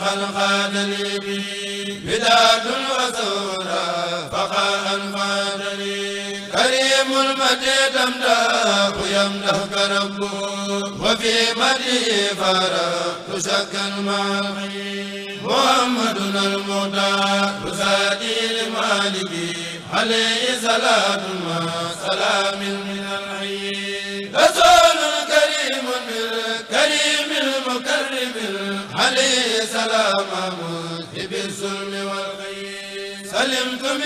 فقد خاد لي به بداد وثورا فقد خاد لي كريم المجيد امداه يمدحك ربه وفي مديه فارق تشكل معي محمدنا المختار تسادي لمالكي عليه صلاة ما سلام من الحي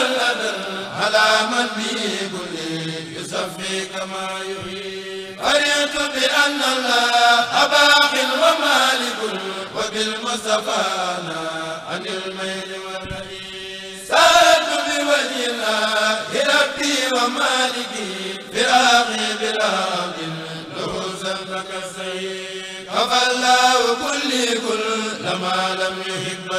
أبدا على من به كل يصفي كما يحيي أريت بأن الله باق ومالك وبالمصطفى عن الميل والرئيس سألت بوجه الله ربي ومالكي فراقي براق له سلك السيد كفى الله كل كل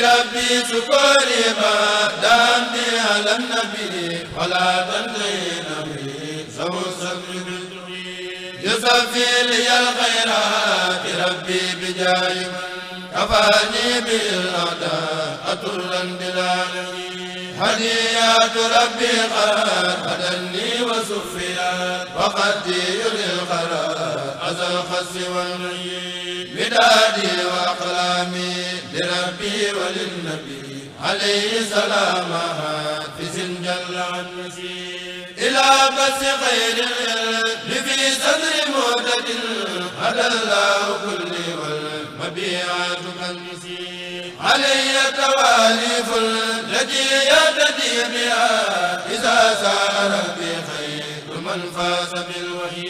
ربي سكر ما دامني على النبي ولا تنتهي نبي زوجا يصفي لي الخيرات ربي بجاي كفاني بالأداء أطرا بالعالمين هديات ربي قد هدني وسفيات وقدي للقرار والخس والغي بدادي وأقلامي لربي وللنبي عليه سلامها في سنجل عن مسير إلى بس خير العلم في صدر مودد هدى الله كل والمبيعات كالمسير علي تواليف التي يهتدي بها إذا سار بخير من فاز بالوحي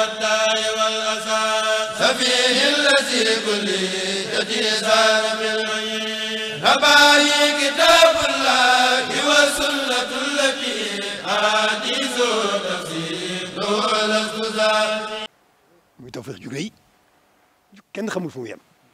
والداء والأسى سفيه الذي كلي يدي سار من نباهي كتاب الله وسنة التي أحاديث تفسير له الأخبار muy tawfeex ju rëy kenn xamul fu mu yem